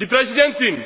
Die Präsidentin!